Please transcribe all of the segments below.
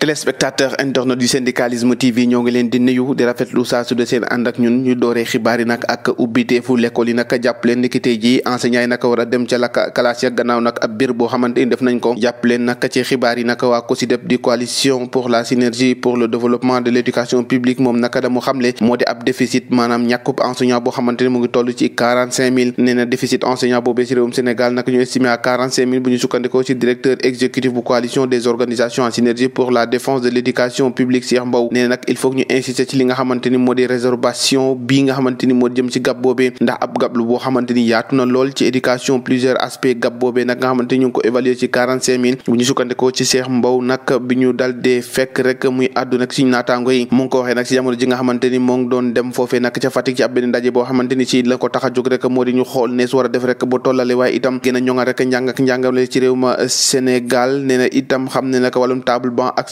téléspectateur internet yu syndicalisme tv ñoo ngi leen di nuyu di rafetlu saa su de seen ànd ñu dooree xibaar yi ak ubbiteefu l'école yi nag jàpp leen ni ki enseignant yi nag war a dem ca la classe ya gannaaw nag ab biir boo xamante ni nañ ko jàpp leen nag ci xibaar yi nag waa COSYDEP di coalition pour la synergie pour le développement de l'éducation publique moom naka damu xamle moo di ab déficit maanaam ñàkkub enseignant boo xamante ni ngi toll ci défense de l'éducation publique Cheikh Mbow nee il faut ñu insister ci li nga xamante réservation bii nga xamante ni ci gab ci éducation plusieurs aspects ko ci quarante cinq mille bu dal dee fekk rek muy àddu nag ci jamono ji nga xamante ci ab benn ndaje a ñu xool nees war def rek ba tollale waaye itam gën a rek njàng ak njàngale ci réew Sénégal nee na itam xam ne nag wàllum table banc ak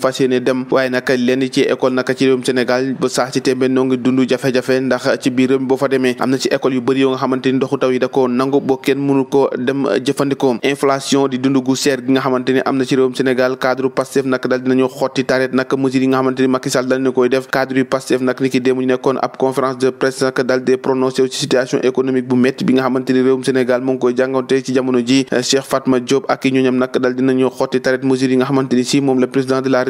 fas yéene dem waaye naka lenn ci école naka ci réewum Sénégal ba sax ci tembe noo ngi jafe-jafe ndax ci biir réew boo fa demee am na ci école yu bëri yoo nga xamante ni ndoxu taw yi da nangu boo kenn mënu koo dem jëfandikoo inflation di dund gu seer gi nga xamante ni na ci réewum Sénégal cadre Pastef nag dal dinañu xotti taret nag mesures nga xamante ni Macky Sall dal na koy def cadre yu Pastef nag ni ki démb ñu nekkoon ab conférence de presse nag dal di prononcé ci situation économique bu métti bi nga xamante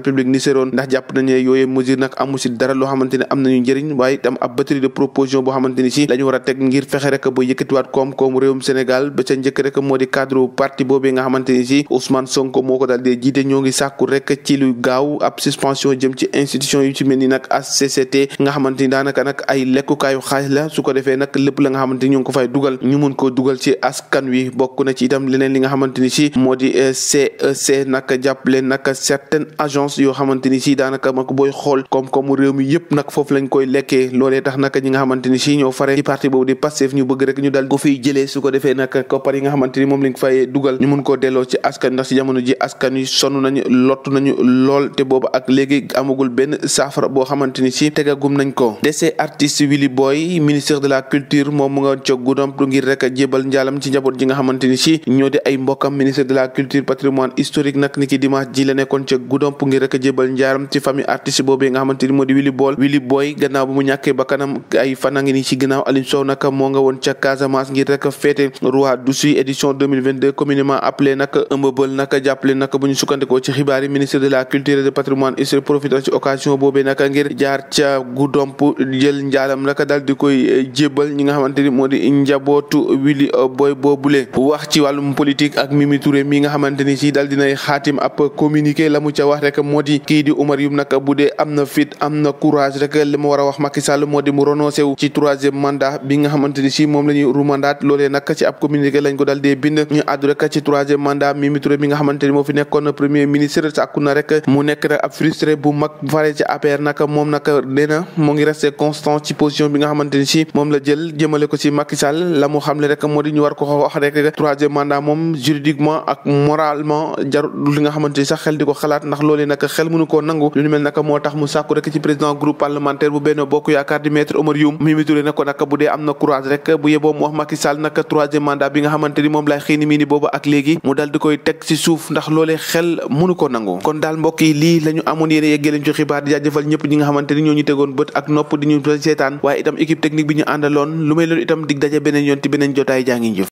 république Nicéroon ndax jàpp nañu ne yooyu mesure nag amu si dara loo xamante ne am nañu njëriñ waaye itam ab de proposition boo xamante ni si la a teg ngir fexe rek ba yëkkatiwaat koom-koom réewum Sénégal ba ca rek moo di cadre parti boobee nga xamante ni si Ousmane Sonko moo ko daal jiite ñoo ngi rek ci lu gaaw ab suspension jëm ci institution yu ci mel ni nag HCCT nga xamante ni daanaka xaalis la su ko defee nag la nga xamante dépense yoo xamante ni si daanaka mag booy xool koom-koomu réew mi yëpp nag foofu lañ koy lekkee loolee tax nag ñi nga ni si ñoo ko fiy jëlee su ko defee nag koppar yi nga xamante de la culture ay mbokkam ministre de la culture patrimoine historique nag ni ki dimanche ji la nekkoon ca rek jébal njaaram ci famille artiste boobee nga xamante ni moo di Willy Boy Willy Boy gannaaw ba mu ñàkkee bakkanam ay fan a ngi nii ci gannaaw Aliou Sow nag moo nga woon ca Casamance ngir rek féete Roi d'Oussy édition 2022 communément appelé nag ëmbëbal nag jàppale nag bu ci xibaar ministre de la culture et patrimoine ISRA ñi nga xamante ni moo di njabootu Willy Boy boobule wax ci wàllum politique ak Mimi Touré mi nga xamante ni ci daal dinay xaatim ab communiqué la mu ca wax rek moo di kii di Oumar Youm am na fit am na courage rek li ma war wax Macky Sall mu renoncé ci troisième mandat bi nga xamante nga xamante moo fi nekkoon premier ministre sàkku na rek mu nekk nag ab frustré bu mag faree ci APR nag moom nag nee moo ngi resté constant ci position bi nga xamante moom la jël jëmale ko si Macky Sall la mu rek moo ñu war ko wax sax xel di ko xalaat ndax loolee naka xel mënu koo nangu lu ñu mel naka moo tax mu sàkku rek ci président groupe parlementaire bu Benno Bokk Yaakaar di maître Oumar Youm Mimi Touré ne na courage rek bu yeboo mu wax Macky Sall naka troisième mandat bi nga xamante ni moom lay xëy ak léegi mu dal koy teg ci suuf ndax loolee xel mënu ko nangu kon daal mbokk lii la amoon yéene yeggee ci xibaar di jaajëfal ñëpp ñi nga xamante ni tegoon bët ak nopp di ñu seetaan waaye itam équipe technique bi ñu àndaloon lu may loolu itam dig beneen yoon beneen jotaay jaa